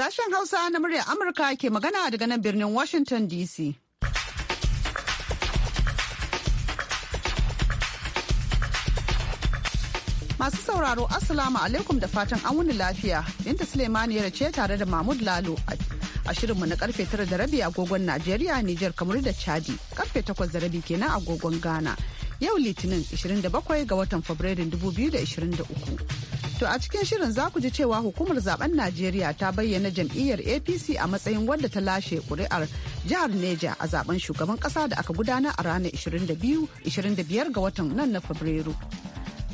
Sashen Hausa na muryar Amurka ke magana daga nan birnin Washington DC. Masu sauraro asalamu alaikum da fatan an wuni lafiya. Binta ya ce tare da Mahmud Lalo a shirinmu na karfe tara da rabi agogon Najeriya, Nijar, kamar da Chadi. Karfe takwas da rabi kenan agogon Ghana. Yau Litinin 27 ga watan Fabrairun 2023. To a cikin shirin za ku ji cewa hukumar zaben Najeriya ta bayyana jam'iyyar APC a matsayin wanda ta lashe kuri'ar jihar Neja a zaben shugaban kasa da aka gudana a ranar 25 ga watan nan na Fabrairu.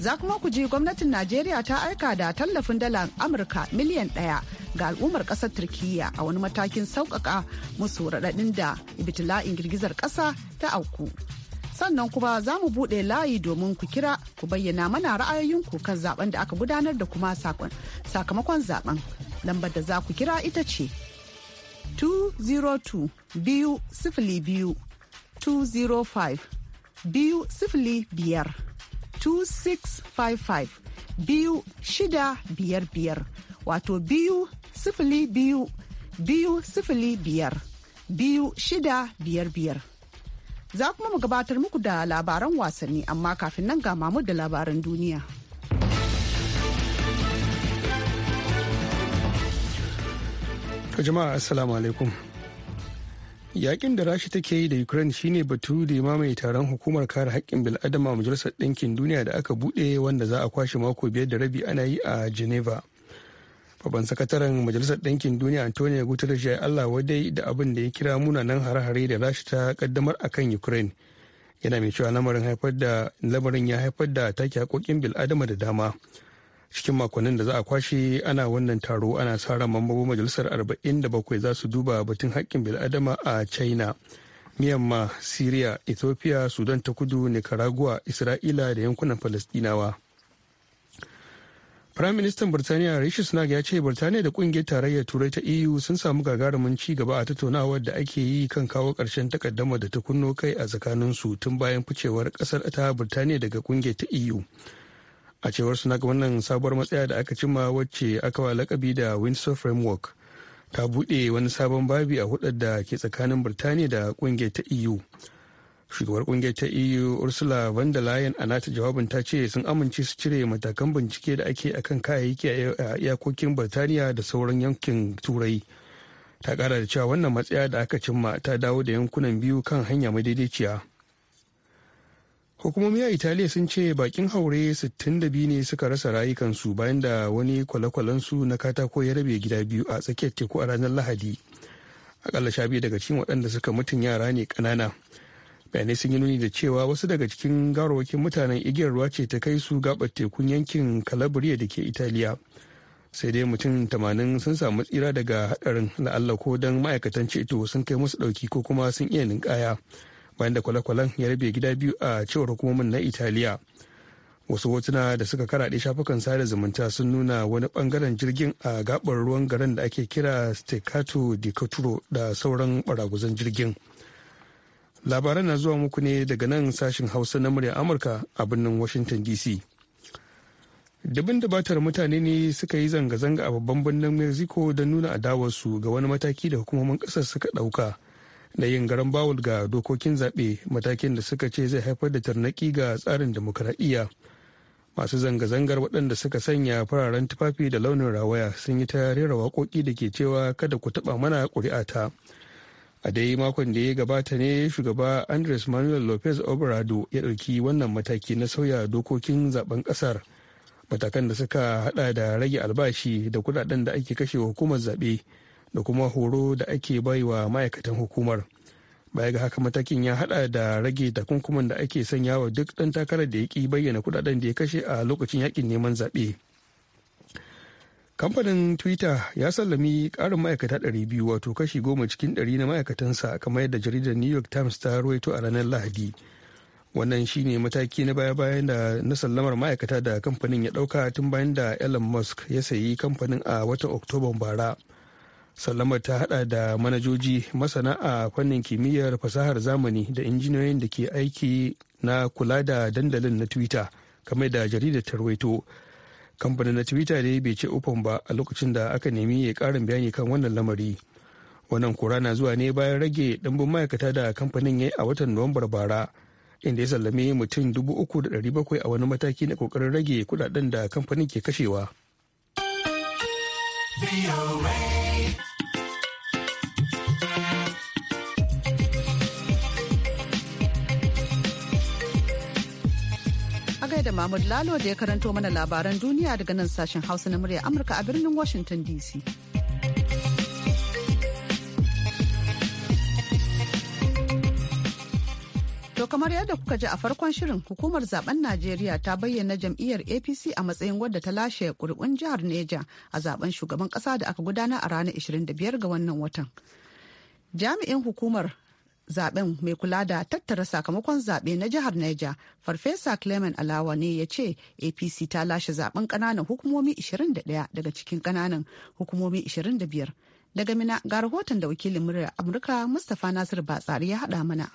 Za kuma ku ji gwamnatin Najeriya ta aika da tallafin dala Amurka miliyan ɗaya ga al'ummar ƙasar Turkiyya a wani matakin sauƙaƙa musu raɗaɗin da ibtila'in girgizar ƙasa ta auku. sannan kuma za mu buɗe layi domin ku kira ku bayyana mana ra'ayoyinku kan zaben da aka gudanar da kuma sakamakon zaben lambar da za ku kira ita ce 202 biyu sifili biyu 205 biyu sifili biyar 2655 biyu shida biyar biyar wato biyu sifili biyu biyu sifili biyar biyu shida biyar biyar Za kuma mu gabatar muku da labaran wasanni amma kafin nan ga mamu da labaran duniya. jama'a assalamu alaikum. Yakin da rashi take yi da Ukraine shine batu da ya mamaye taron hukumar kare haƙƙin bil'adama majalisar ɗinkin duniya da aka buɗe wanda za a kwashe mako biyar da rabi ana yi a Geneva. Babban sakataren Majalisar Ɗinkin Duniya Antonio Guterres ya yi Allah wadai da abin da ya kira munanan hare-hare da rasha ta kaddamar akan Ukraine. Yana mai cewa lamarin haifar da lamarin ya haifar da take haƙoƙin bil'adama da dama. Cikin makonnin da za a kwashe ana wannan taro ana sa ran mambobin majalisar 47 za su duba batun haƙƙin bil'adama a China. Myanmar, Syria, Ethiopia, Sudan ta kudu, Nicaragua, Isra'ila da yankunan Falastinawa. Firaministan Birtaniya Rishi Sunak ya ce Birtaniya da kungiyar tarayyar Turai ta EU sun samu gagarumin ci gaba a tattaunawar da ake yi kan kawo ƙarshen takaddama da ta kunno kai a tsakaninsu tun bayan ficewar ƙasar ta Birtaniya daga kungiyar ta EU. A cewar Sunak wannan sabuwar matsaya da aka cimma wacce aka wa lakabi da Windsor Framework ta buɗe wani sabon babi a hudar da ke tsakanin Birtaniya da kungiyar ta EU. shugabar kungiyar ta eu ursula von der leyen a nata jawabin ta ce sun amince su cire matakan bincike da ake akan kayayyaki a iyakokin birtaniya da sauran yankin turai ta kara da cewa wannan matsaya da aka cimma ta dawo da yankunan biyu kan hanya madaidaiciya hukumomi a italiya sun ce bakin haure 62 ne suka rasa rayukansu bayan da wani kwale-kwalensu na katako ya rabe gida biyu a tsakiyar teku a ranar lahadi akalla sha biyu daga cikin waɗanda suka mutun yara ne ƙanana bayanai sun yi nuni da cewa wasu daga cikin gawarwakin mutanen igiyar ruwa ce ta kai su gabar tekun yankin calabria da ke italiya sai dai mutum tamanin sun samu tsira daga hadarin la'alla ko don ma'aikatan ceto sun kai musu dauki ko kuma sun iya ninkaya bayan da kwale-kwalen ya rabe gida biyu a cewar hukumomin na italiya wasu hotuna da suka karaɗe shafukan sada zumunta sun nuna wani bangaren jirgin a gabar ruwan garin da ake kira staccato di da sauran baraguzan jirgin. labaran na zuwa muku ne daga nan sashin hausa na murya amurka a birnin washington dc dabin batar mutane ne suka yi zanga-zanga a babban birnin mexico don nuna adawarsu ga wani mataki da hukumomin kasar suka dauka na yin garan bawul ga dokokin zaɓe matakin da suka ce zai haifar da tarnaki ga tsarin demokuraɗiyya masu zanga-zangar waɗanda suka sanya fararen tufafi da launin rawaya sun yi ta rera waƙoƙi da ke cewa kada ku taɓa mana ƙuri'ata. ta a dai makon da ya gabata ne shugaba andres manuel lopez obrado ya ɗauki wannan mataki na sauya dokokin zaben ƙasar matakan da suka hada da rage albashi da kudaden da ake kashe hukumar zaɓe da kuma horo da ake baiwa ma'aikatan hukumar baya ga haka matakin ya hada da rage takunkuman da ake sanyawa duk ɗan takarar da ya ki bayyana kudaden da ya kashe a lokacin yakin neman zaɓe kamfanin twitter ya sallami karin ma'aikata 200 wato kashi goma cikin 100 na ma'aikatansa kamar yadda jaridar new york times ta ruwaito a ranar lahadi wannan shine mataki na baya-bayan da na sallamar ma'aikata da kamfanin ya dauka tun bayan da elon musk ya sayi kamfanin a watan oktoban bara sallamar ta hada da manajoji masana a fannin kimiyyar fasahar zamani da injiniyoyin da ke aiki na kula da dandalin na twitter kamar da jaridar ta ruwaito kamfanin na twitter dai bai ce open ba a lokacin da aka nemi ya karin bayani kan wannan lamari wannan kura na zuwa ne bayan rage ɗimbin ma'aikata da kamfanin ya yi a watan nuwambar bara inda ya sallame mutum dubu uku da ɗari bakwai a wani mataki na kokarin rage kudaden da kamfanin ke kashewa. da Mahmud Lalo da ya karanto mana labaran duniya daga nan sashen Hausa na murya Amurka a birnin Washington DC. To kamar yadda kuka ji a farkon shirin hukumar zaben Najeriya ta bayyana jam'iyyar APC a matsayin wadda ta lashe kuri'un jihar Neja a zaben shugaban kasa da aka gudana a ranar 25 ga wannan watan. Jami'in hukumar zaben mai kula da tattara sakamakon zaɓe na jihar Niger, Farfesa Clement Alawa ne ya ce APC ta lashe zaben kananan hukumomi 21 daga cikin kananan hukumomi 25. Daga Mina ga rahoton da wakilin murya Amurka Mustapha nasir Batsari ya haɗa mana.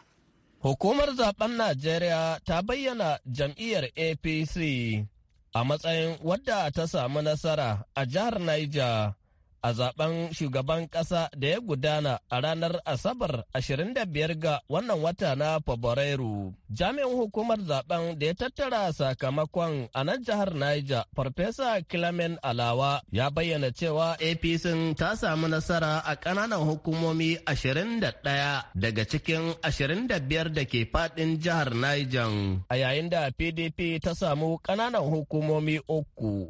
Hukumar zaben Najeriya ta bayyana jam'iyyar APC a matsayin wadda ta samu nasara a jihar Niger. a zaben shugaban ƙasa da ya gudana a ranar Asabar 25 ga wannan wata na Fabrairu. Jami'in hukumar zaben da ya tattara sakamakon a nan jihar Niger, Farfesa Clement Alawa ya bayyana cewa APC ta samu nasara a ƙananan hukumomi 21 daga cikin 25 da ke faɗin jihar Niger. A yayin da PDP ta samu ƙananan hukumomi uku.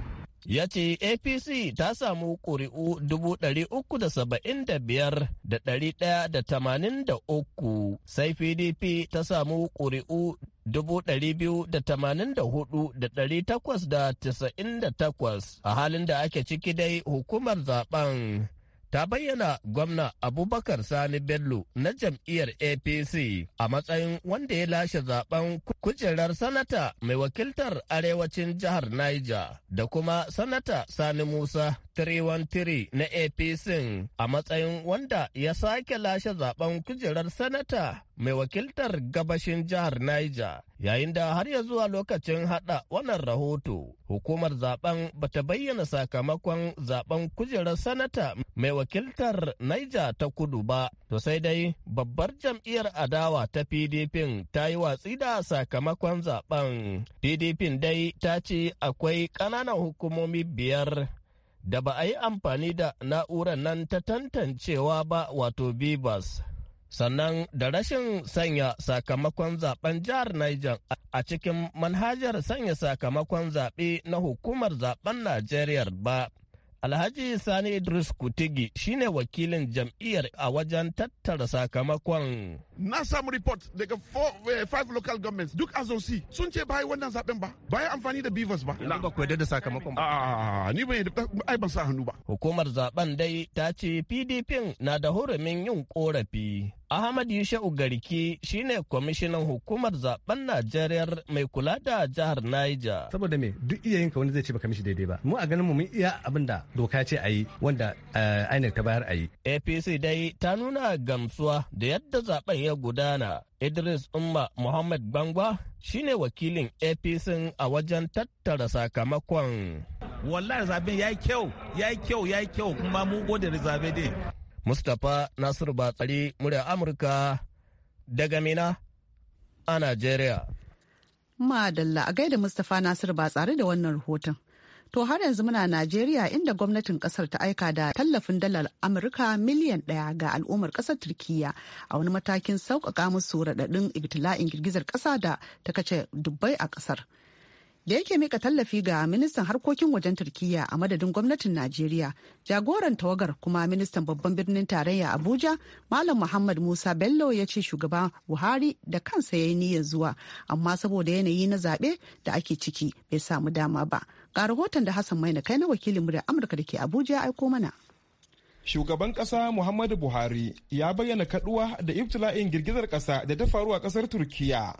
ya ce apc ta samu ƙuri'u 375,183 sai pdp ta samu ƙuri'u 284,898 a halin da ake ciki dai hukumar zaben ta bayyana gwamna abubakar sani bello na jam'iyyar apc a matsayin wanda ya lashe zaben kujerar sanata mai wakiltar arewacin jihar Niger da kuma sanata Sani Musa 313 na APC a matsayin wanda ya sake lashe zaben kujerar sanata mai wakiltar gabashin jihar Niger yayin da har ya zuwa lokacin hada wannan rahoto hukumar zaben bata bayyana sakamakon zaben kujerar sanata mai wakiltar Niger ta kudu ba to sai dai babbar jam'iyyar adawa ta PDP ta yi watsi da sakamakon sakamakon zaben pdp dai ta ce akwai ƙananan hukumomi biyar da ba a yi amfani da na'urar nan ta tantancewa ba wato bibas sannan da rashin sanya sakamakon zaben jihar niger a cikin manhajar sanya sakamakon zaɓe na hukumar zaben najeriya ba Alhaji Sani Idris Kutigi shine wakilin jam'iyyar a wajen tattara sakamakon. Na samu report daga eh, five local governments duk azosi sun ce bai wannan zaben ba, bai amfani da beavers ba. Na ba ku da sakamakon ba. Ah, ni bai ai ban sa hannu ba. Hukumar zaben dai ta ce PDP na da hurumin yin korafi. Ahmad Yusha'u Garki shine kwamishinan hukumar zaben Najeriya mai kula da jihar Niger. Saboda me duk iya yinka wani zai ce baka mishi daidai ba. Mu a ganin mu mun iya abin da doka ce a yi wanda eh, INEC ta bayar a yi. APC dai ta nuna gamsuwa da yadda zaben ya gudana. Idris Umma Muhammad Bangwa shine wakilin APC a wajen tattara sakamakon. Wallahi zaben ya yi kyau, ya yi kyau, ya yi kyau kuma mu gode da zabe dai. Mustapha Nasiru Batsari murya Amurka daga Mina a Najeriya. Madalla a gaida Mustapha Nasiru Batsari da wannan rahoton. To har yanzu muna Najeriya inda gwamnatin kasar ta aika da tallafin dalar Amurka miliyan ɗaya ga al'ummar kasar Turkiyya a wani matakin sauƙaƙa musu raɗaɗin ibtila'in girgizar ƙasa da ta kace dubbai a ƙasar. da yake mika tallafi ga ministan harkokin wajen turkiya a madadin gwamnatin najeriya jagoran tawagar kuma ministan babban birnin tarayya abuja malam muhammad musa bello ya ce shugaba buhari da kansa ya yi niyyar zuwa amma saboda yanayi na zaɓe da ake ciki bai samu dama ba ga rahoton da hassan maina kai na wakilin murya amurka da ke abuja aiko mana shugaban kasa muhammadu buhari ya bayyana kaduwa da ibtila'in girgizar kasa da ta faru a kasar turkiya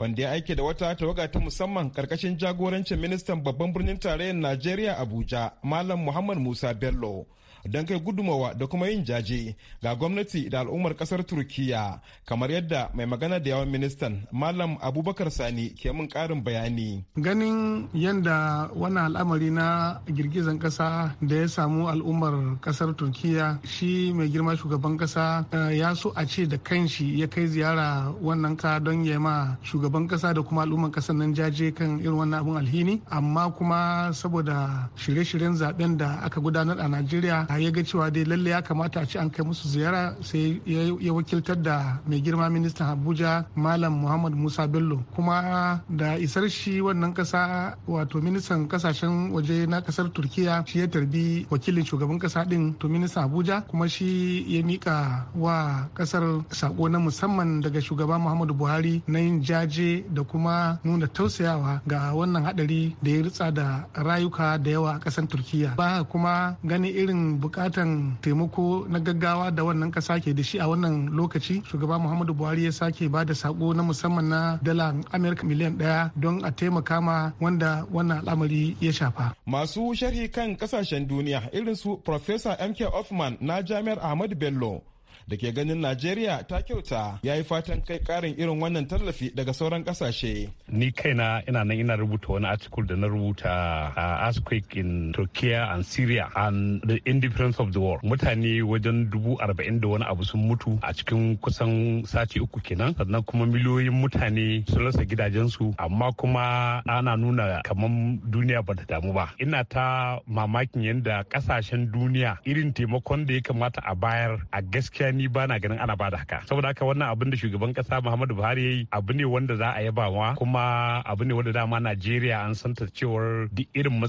wanda ya aike da wata tawaga ta musamman karkashin jagorancin ministan babban birnin tarayyar najeriya abuja malam muhammad musa bello don kai gudumawa da kuma yin jaje ga gwamnati da al'ummar kasar turkiya kamar yadda mai magana da yawan ministan malam abubakar sani ke min karin bayani ganin yadda wannan al'amari na girgizan kasa da ya samu al'ummar kasar turkiya shi mai girma shugaban kasa eh, ya so a ce da kanshi ya kai ziyara wannan ka don ya ma shugaban shugaban kasa da kuma al'umman kasar nan jaje kan irin wannan abun alhini amma kuma saboda shirye-shiryen zaben da aka gudanar a najeriya ya ga cewa dai lalle ya kamata a ci an kai musu ziyara sai ya wakiltar da mai girma ministan abuja malam muhammad musa bello kuma da isar shi wannan kasa wato ministan kasashen waje na kasar turkiya shi ya tarbi wakilin shugaban kasa din to ministan abuja kuma shi ya mika wa kasar sako na musamman daga shugaba muhammadu buhari na yin jaji kaje da kuma nuna tausayawa ga wannan hadari da ya ritsa da rayuka da yawa a kasan turkiya ba kuma gani irin bukatan taimako na gaggawa da wannan kasa ke da shi a wannan lokaci shugaba muhammadu buhari ya sake ba da sako na musamman na dala amerika miliyan daya don a taimaka ma wanda wannan al'amari ya shafa masu sharhi kan kasashen duniya irin su professor mk hoffman na jami'ar ahmadu bello da ke ganin Najeriya ta kyauta ya yi fatan kai karin irin wannan tallafi daga sauran kasashe. Ni kaina ina nan ina rubuta wani article da na rubuta a earthquake in Turkey and Syria and the indifference of the world. Mutane wajen dubu arba'in da wani abu sun mutu a cikin kusan sati uku kenan sannan kuma miliyoyin mutane sun rasa gidajensu amma kuma ana nuna kamar duniya bata damu ba. Ina ta mamakin yadda kasashen duniya irin taimakon da ya kamata a bayar a gaskiya ni bana ganin ana bada haka saboda haka wannan abin da shugaban kasa Muhammadu Buhari yayi abu ne wanda za a yabawa kuma abu ne wanda dama Najeriya an san ta cewar duk irin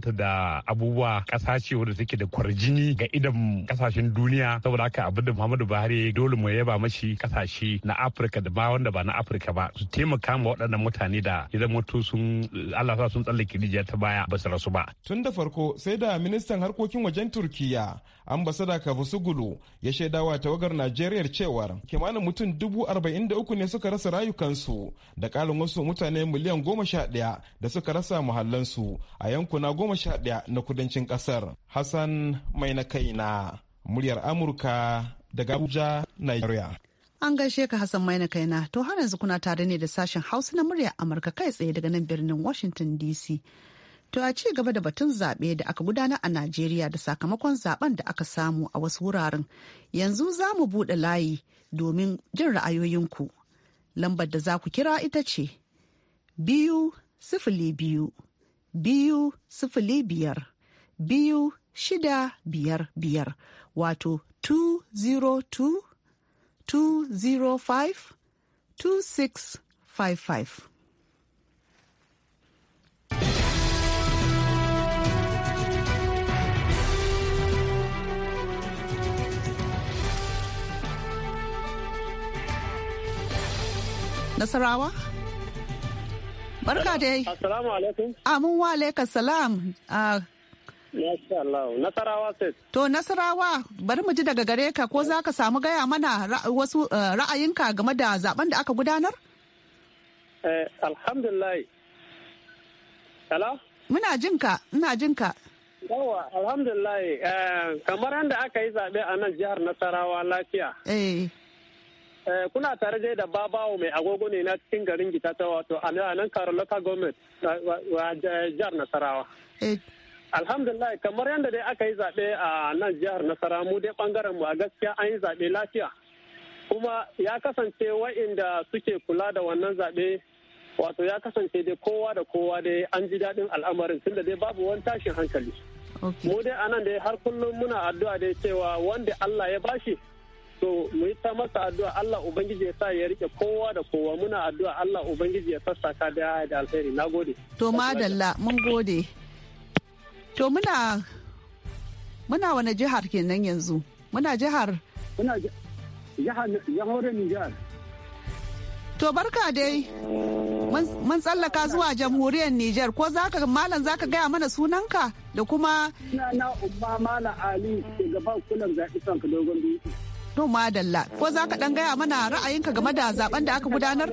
ta da abubuwa kasa ce wanda take da kwarjini ga idan kasashen duniya saboda haka abin da Muhammadu Buhari dole mu yaba mashi kasashe na Afirka da ba wanda ba na Afirka ba su taimaka ma waɗannan mutane da idan mutu sun Allah sa sun tsallake rijiya ta baya ba su rasu ba. Tun da farko sai da ministan harkokin wajen Turkiya ambasada Kavusugulu ya shaidawa ta tawagar Najeriya cewar kimanin mutum dubu arba'in da uku ne suka rasa rayukansu da ƙarin wasu mutane miliyan goma sha ɗaya da suka rasa muhallansu a yankuna goma sha ɗaya na kudancin ƙasar. Hassan mai na kaina muryar Amurka daga Abuja, Nigeria. An gaishe ka Hassan mai na kaina to har yanzu kuna tare ne da sashen Hausa na muryar Amurka kai tsaye daga nan birnin Washington DC. To a ci gaba da batun zaɓe da aka gudana a Najeriya da sakamakon zaben da aka samu a wasu wuraren. Yanzu za mu buɗe layi domin jin ra'ayoyinku. Lambar da za ku kira ita ce biyu sifili biyu, biyu sifili biyar, biyu shida biyar biyar wato 202 205 five. Nasarawa? Barka dai. Assalamu alaikum. Amin wa alaikas salam. Ah. Nasarawa sai. To Nasarawa bari mu ji daga gare ka ko za ka samu gaya mana wasu eh, ra'ayinka game da zaben da aka gudanar? Eh, alhamdulillah. Hello? Muna jinka, muna jinka. Yawa, alhamdulillah. Eh, kamar yadda aka yi zaɓe a nan jihar Nasarawa lafiya. Eh. Eh, kuna tare dai da babawo mai agogo ne na cikin garin gita ta wato a nan karo local government wa eh, jihar nasarawa eh. alhamdulillah kamar yadda dai aka yi zaɓe a nan jihar nasara mu dai bangaren mu a gaskiya an yi zaɓe lafiya kuma ya kasance wa'inda suke kula da wannan zaɓe wato ya kasance dai kowa da kowa dai an ji daɗin al'amarin tunda dai babu wani tashin hankali mu dai anan dai har kullum muna addu'a dai cewa wanda Allah ya bashi so mu yi ta masa addu'a Allah ubangiji ya sa ya rike kowa da kowa muna addu'a Allah ubangiji ya sassaka da ya da alheri na gode. to madalla mun gode to muna muna wani jihar kenan yanzu muna jihar muna jihar jihar Nijar To barka dai mun tsallaka zuwa jamhuriyar Nijar ko zaka malam zaka gaya mana sunanka da kuma na na umma malam Ali shugaban kulan zaki son ka dogon dutse. To madalla ko za ka dan gaya mana ra'ayinka game da zaben da aka gudanar?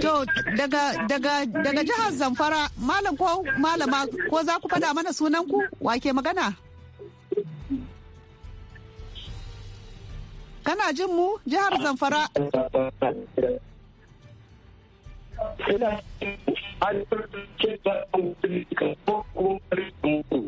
To daga daga daga jihar Zamfara malam ko malama ko za ku fada mana sunan ku wake magana? Kana jin mu jihar Zamfara? ina an ce ba a mutum kan ko kuma mutum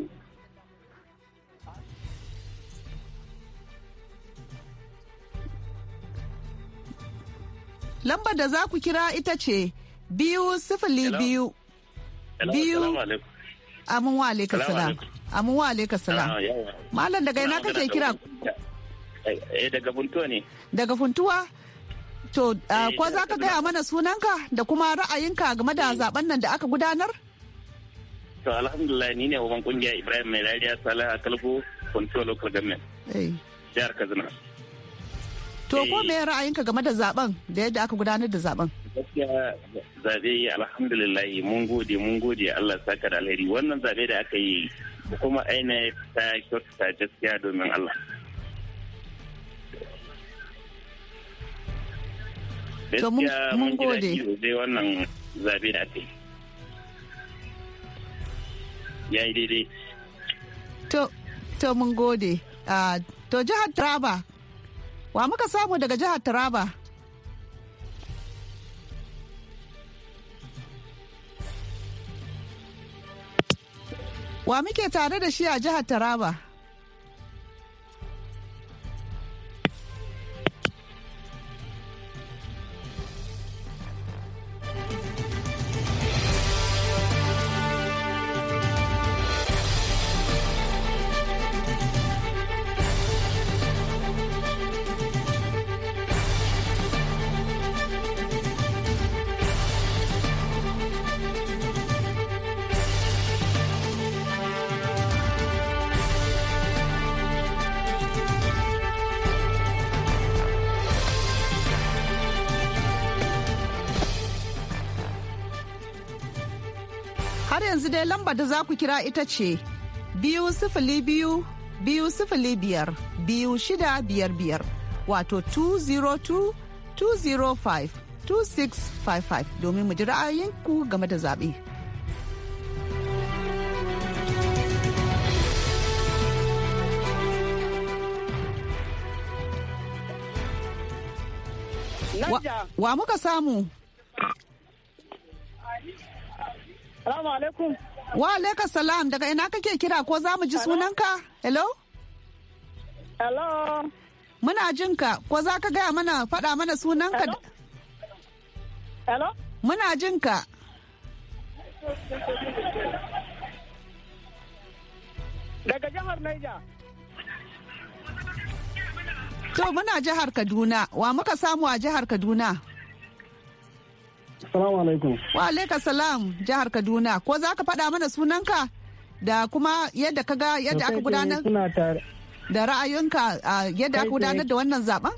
lambar da za ku kira ita ce biyu sifili biyu biyu amin wa alaika salam amin wa alaika salam ah, malam daga ina kake kira eh, eh, daga funtuwa ne daga funtuwa To, uh, eh, ko za ka gaya mana sunanka da kuma ra'ayinka game da eh. zaben nan da aka gudanar? To, alhamdulillah ni ne wajen kungiya Ibrahim Mai Rariya Salaha Kalgo, Control Local Government. Eh. Jihar Kaduna. To, ko me ra'ayinka game da zaben da yadda aka gudanar da zaben? Gaskiya zabe alhamdulillah mun gode mun gode Allah saka da alheri wannan zabe da aka yi kuma aina ta kyautata gaskiya domin Allah. to mun gode dai wannan zabe da ake ya yi daidai to to mun gode to jihar taraba wa muka samu daga jihar taraba wa muke tare da shi a jihar taraba Lamba da za ku kira ita ce biyu sifili biyu biyu sifili biyar biyu shida biyar biyar wato 202 205 2655 domin mu ji ra'ayinku game da zaɓe. Wa, wa muka samu? Salamu alaikum. Wa alaika salam daga ina kake kira ko za mu ji sunanka? Hello? Hello? Muna jin ka ko za ka gaya mana faɗa mana sunanka? Hello? Muna jin ka. Daga jihar Naija. To muna jihar Kaduna, wa muka samu a jihar Kaduna? Salamu alaikum. Wa alaika salam jihar Kaduna. Ko za ka faɗa mana sunanka da kuma yadda ka ga yadda aka gudanar da ra'ayinka yadda aka gudanar da wannan zaben?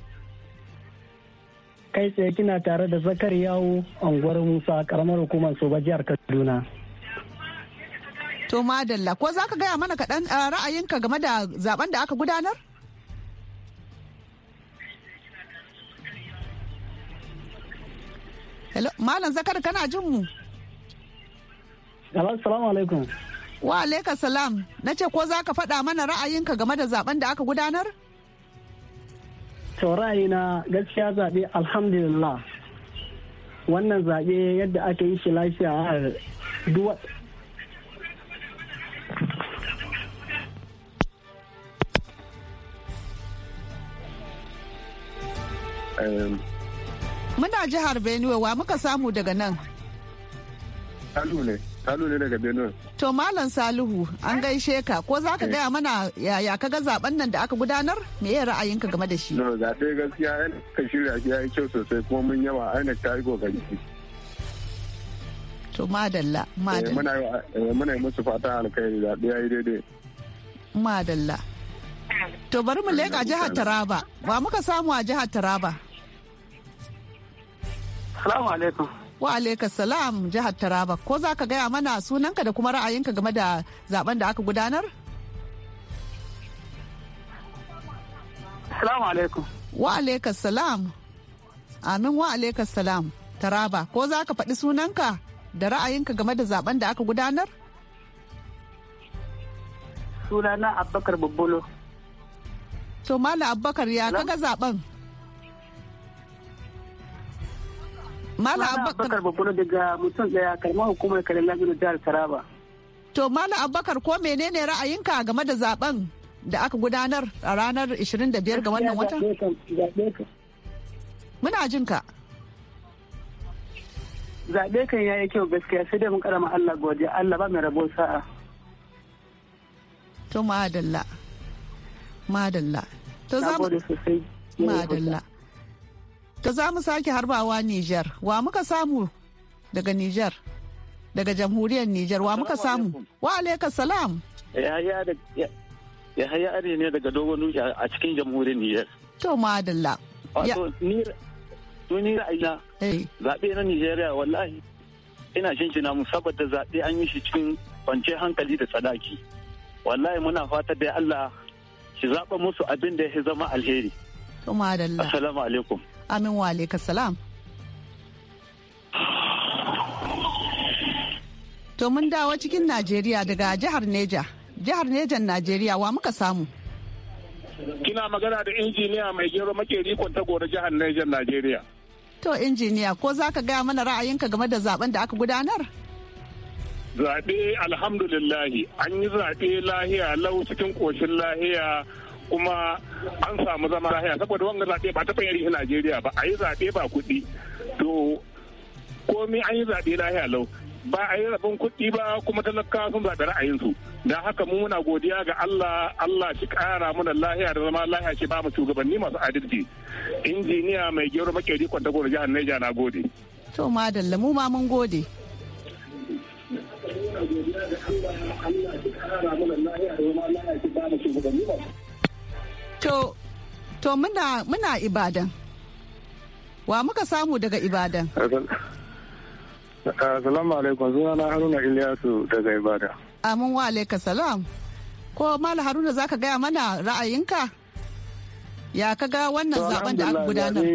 Kai tsaye kina tare da zakar yawo unguwar Musa karamar hukumar Soba jihar Kaduna. To madalla ko za ka gaya mana kaɗan ra'ayinka game da zaben da aka gudanar? hello malam zakar kana jin mu assalamu alaikum wa alaika salam na ce ko za ka faɗa mana ra'ayinka game da zaben da aka gudanar to ra'ayina gaskiya zaɓe alhamdulillah wannan zaɓe yadda aka yi shi lafiya a duwa Um, Muna jihar Benue wa muka samu daga nan. Salu ne, Salu ne daga Benue. To Malam Salihu an gaishe ka ko za ka eh. gaya mana yaya ka ga zaben nan da aka gudanar me ya ra'ayinka game da shi? No, zaɓe gaskiya yana ka shirya shi yayi kyau sosai kuma mun yawa aina ta yi kokari. To madalla, eh, madalla. Muna yi eh, musu fata alkhairi zaɓe ya yi daidai. Madalla. To bari mu leƙa jihar Taraba, ba muka samu a jihar Taraba. Salamu alaikum. Wa alaika salam jihar Taraba. Ko za ka gaya mana sunanka da kuma ra'ayinka game da zaben da aka gudanar? Salamu alaikum. Wa alaika salam. Amin wa alaika salam. Taraba, ko za ka faɗi sunanka da ra'ayinka game da zaben da aka gudanar? Sunana Abubakar Babbolo. To Mala Abubakar ya kaga zaben? Mala Abubakar Bakono daga mutum daya karamar hukumar kare lagos jihar Taraba. To Mala Abubakar ko menene ra'ayinka game da zaben da aka gudanar a ranar 25 ga wannan watan? Muna jin ka. Zaɓe kan yayi kyau gaskiya sai dai mun karama Allah godiya Allah ba mai rabo sa'a. To madalla. Madalla. To za mu madalla. ta za mu sake harbawa Nijar. Wa muka samu daga Nijar? Daga jamhuriyar Nijar wa muka samu? Wa alaika salam. Ya haya are ne daga dogon nuki a cikin jamhuriyar Nijar. To madalla. Wato ni ra'ayina eh. zaɓe na Nijeriya wallahi ina shinshina mu saboda zaɓe an yi shi cikin kwance hankali da tsadaki. Wallahi muna fata da Allah shi zaɓa musu abin da ya zama alheri. To madalla. Assalamu alaikum. Amin wa alaika salam. To mun dawo cikin Najeriya daga jihar Neja. Jihar Nejan Najeriya wa muka samu? Kina magana da injiniya mai gero makeri ta gore jihar Nejan Najeriya. To injiniya ko za ka gaya mana ra'ayinka game da zaben da aka gudanar? Zaɓe alhamdulillahi an yi zaɓe lahiya lau cikin ƙoshin lahiya kuma an samu zama lahiya saboda wanga zaɓe ba ta fayari shi Najeriya ba a yi zaɓe ba kuɗi to komai an yi zaɓe lahiya lau ba a yi rabin kuɗi ba kuma talaka sun zaɓi ra'ayinsu da haka mu muna godiya ga Allah Allah shi ƙara mana lahiya da zama lahiya shi ba mu shugabanni masu adalci injiniya mai gero makeri kwanta jihar Niger na gode to madalla mu ma mun gode Allah ya ƙara mana lahiya da zama lahiya shi ba mu shugabanni masu To, to muna, muna Ibadan. Wa muka samu daga Ibadan? Eh, Assalamu eh, alaikum sunana Haruna Ilyasu daga Ibadan. Amin wa alaika salam. Ko Malam Haruna zaka gaya mana ra'ayinka? Ya ka ga wannan zaben da aka gudanar?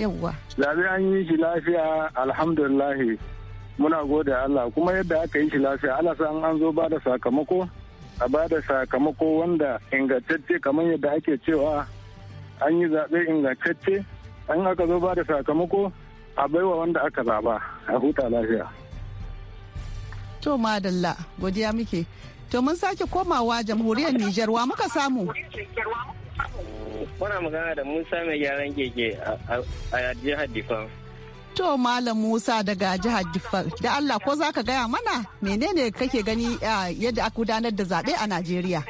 Yawwa. Zabe an yi shi lafiya alhamdulillah. Muna gode Allah kuma yadda aka yi shi lafiya Allah san an zo ba da sakamako a ba da sakamako wanda ingantacce kamar yadda ake cewa an yi zaɓe ingantacce an aka zo ba da sakamako a baiwa wanda aka zaba a huta lafiya. To madalla godiya muke. To mun sake komawa jamhuriyar Nijar wa muka samu. Muna magana da Musa mai gyaran keke a jihar Difan. To Malam Musa daga jihar Jifar, da Allah ko za ka gaya mana menene kake gani yadda aka gudanar da zaɓe a Najeriya?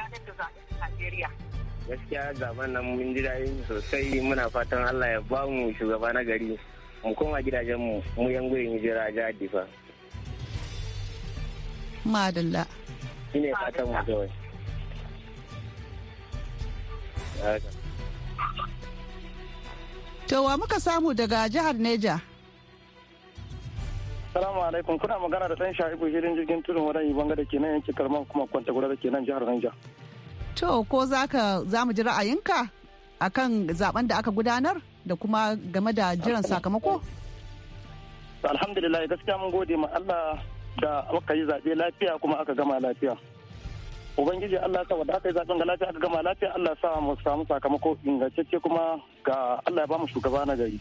Gaskiya zaben nan mun ji daɗi sosai muna fatan Allah ya ba mu shugaba na gari mu koma gidajenmu mu yan gudun hijira jihar Jifar. Madalla. Shi ne fatan mu kawai. To wa muka samu daga jihar Neja? Salamu alaikum kuna magana da ɗan sha'ibu shirin jirgin tudun wadai banga da ke nan yankin karman kuma kwanta gura da ke nan jihar Niger. To ko za ka za mu ji ra'ayinka kan zaben da aka gudanar da kuma game da jiran sakamako? Alhamdulillah gaskiya mun gode ma Allah da aka yi zaɓe lafiya kuma aka gama lafiya. Ubangiji Allah sa wadda aka yi zaɓen ga lafiya aka gama lafiya Allah sa mu samu sakamako ingantacce kuma ga Allah ya ba mu shugaba na gari.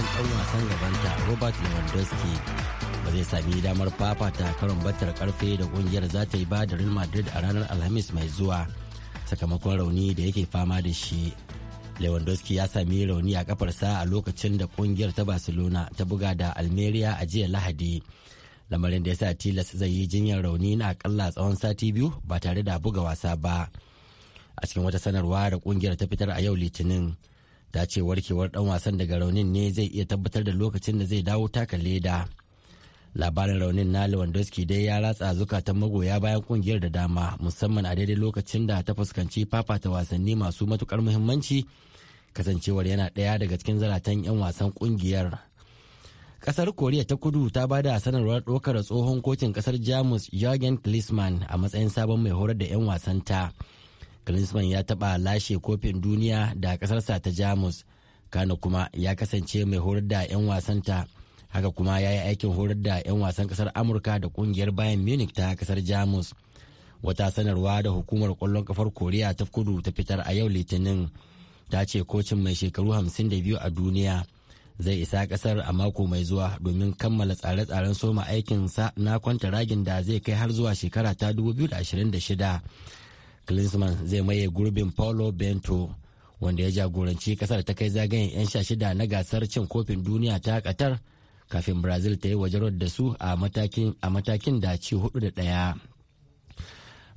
tsaron ɗan wasan gabanta robert lewandowski ba zai sami damar fafata karon batar karfe da kungiyar za ta yi ba da real madrid a ranar alhamis mai zuwa sakamakon rauni da yake fama da shi lewandowski ya sami rauni a kafarsa a lokacin da kungiyar ta barcelona ta buga da almeria a jiya lahadi lamarin da ya sa tilas zai yi jinyar rauni na akalla tsawon sati biyu ba tare da buga wasa ba a cikin wata sanarwa da kungiyar ta fitar a yau litinin ta ce warkewar dan wasan daga raunin ne zai iya tabbatar da lokacin da zai dawo taka leda labarin raunin na lewandowski dai ya ratsa zukatan magoya bayan kungiyar da dama musamman a daidai lokacin da ta fuskanci fafata wasanni masu matukar muhimmanci kasancewar yana ɗaya daga cikin zaratan 'yan wasan kungiyar kasar koriya ta kudu ta ba da sanarwar ɗaukar tsohon kocin kasar jamus jürgen klinsmann a matsayin sabon mai horar da 'yan wasanta. ta Klinsmann ya taɓa lashe kofin duniya da ƙasarsa ta Jamus, Kano kuma ya kasance mai horar da 'yan wasanta. Haka kuma ya yi aikin horar da 'yan wasan ƙasar Amurka da ƙungiyar bayan Munich ta ƙasar Jamus. Wata sanarwa da hukumar ƙwallon ƙafar Koriya ta kudu ta fitar a yau Litinin ta ce kocin mai shekaru 52 a duniya zai isa ƙasar a mako mai zuwa domin kammala tsare-tsaren soma aikinsa na kwanta ragin da zai kai har zuwa shekara ta 2026. Klinsmann zai maye gurbin Paulo Bento wanda ya jagoranci kasar ta kai zagayen 'yan sha shida na gasar cin kofin duniya ta Qatar kafin Brazil ta yi wajarar da su a matakin a matakin da ci hudu da ɗaya.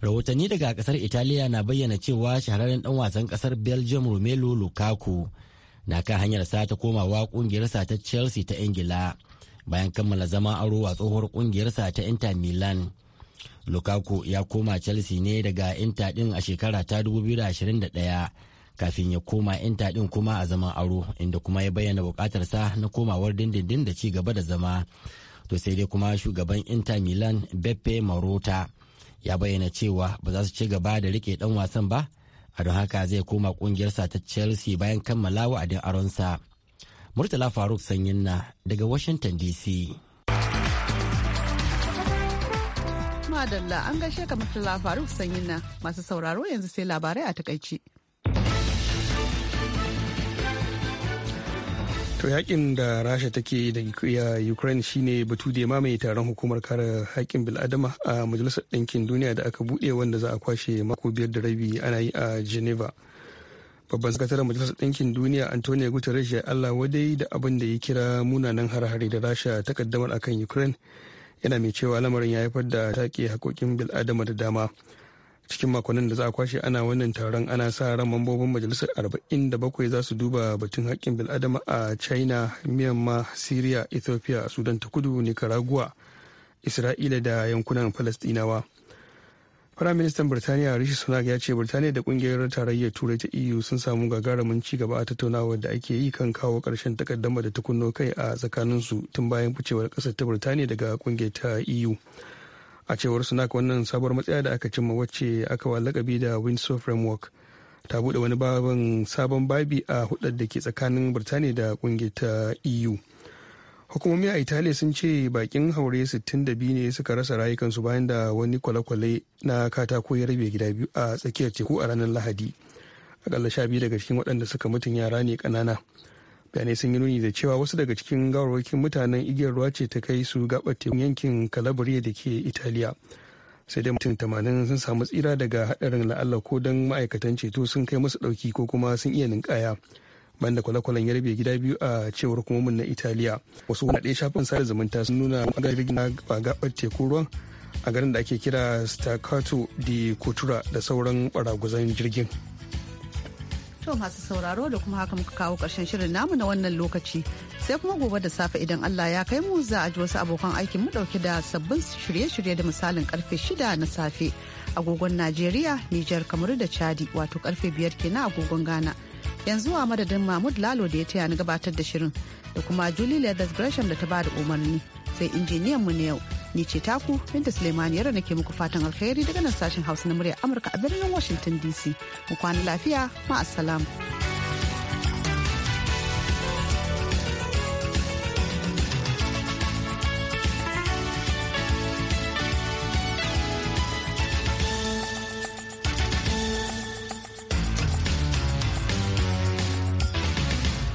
Rahotanni daga kasar Italiya na bayyana cewa shahararren dan wasan kasar Belgium Romelu Lukaku na kan hanyar sa ta komawa kungiyarsa ta Chelsea ta Ingila bayan kammala zama aro a tsohuwar kungiyarsa ta Inter Milan. Lukaku ya koma Chelsea ne daga Inter din a shekara ta 2021 kafin ya koma Inter din kuma a zaman aro inda kuma ya bayyana bukatarsa na komawar dindindin da ci gaba da zama. To sai dai kuma shugaban Inter Milan Beppe Marotta ya bayyana cewa ba za su ci gaba da rike ɗan wasan ba a don haka zai koma ƙungiyarsa ta Chelsea bayan kammala wa'adin aronsa. Murtala Faruk Sanyin na daga Washington DC. Madalla an gaishe ka Murtala Faruk Sanyin na masu sauraro yanzu sai labarai a takaici. To yakin da Rasha take da Ukraine shine batu da ya mai taron hukumar kare haƙƙin bil'adama a Majalisar Ɗinkin Duniya da aka buɗe wanda za a kwashe mako biyar da rabi ana yi a Geneva. Babban sakataren Majalisar Ɗinkin Duniya Antonio Guterres ya Allah wadai da abin da ya kira munanan harhare da Rasha takaddamar akan Ukraine yana mai cewa lamarin ya haifar da take hakokin bil'adama da dama cikin makonnin da za a kwashe ana wannan taron ana sa ran mambobin majalisar 47 za su duba batun haƙƙin bil'adama a china myanmar syria ethiopia sudan ta kudu nicaragua isra'ila da yankunan falastinawa Firaministan Birtaniya Rishi Sunak ya ce Birtaniya da kungiyar tarayyar Turai ta EU sun samu gagarumin ci gaba a tattaunawar da ake yi kan kawo karshen takaddama da tukunno kai a tsakaninsu tun bayan ficewar ƙasar ta Birtaniya daga kungiyar ta EU. A cewar Sunak wannan sabuwar matsaya da aka cimma wacce aka wa lakabi da Windsor Framework ta bude wani sabon babi a hudar da ke tsakanin Birtaniya da kungiyar ta EU. hukumomi a italiya sun ce bakin haure 62 ne suka rasa rayukansu bayan da wani kwale-kwale na katako ya rabe gida biyu a tsakiyar teku a ranar lahadi akalla sha biyu daga cikin waɗanda suka mutun yara ne kanana bayanai sun yi nuni da cewa wasu daga cikin gawarwakin mutanen igiyar ruwa ce ta kai su gabar tekun yankin calabria da ke italiya sai dai mutum tamanin sun samu tsira daga haɗarin la'alla ko don ma'aikatan ceto sun kai musu ɗauki ko kuma sun iya ninkaya. bayan da kwale-kwalen ya rabe gida biyu a cewar hukumomin na italiya wasu wani ɗaya shafin sada zumunta sun nuna ɓangaren na gaɓar teku ruwan a garin da ake kira staccato di kutura da sauran baragwazon jirgin To masu sauraro da kuma haka muka kawo karshen shirin namu na wannan lokaci sai kuma gobe da safe idan Allah ya kai mu za a ji wasu abokan aikin mu dauke da sabbin shirye-shirye da misalin karfe shida na safe agogon Najeriya, Nijar, Kamaru da Chadi wato karfe biyar kenan agogon Ghana. yanzu a madadin mahmud lalo da ya taya ni gabatar da shirin da kuma julie leathers gresham da ta ba da umarni sai injiniyan mu na yau ni ce taku binta suleimani yara nake muku fatan alkhairi daga nan sashen hausa na murya amurka a birnin washington dc mu kwana lafiya ma'asalam.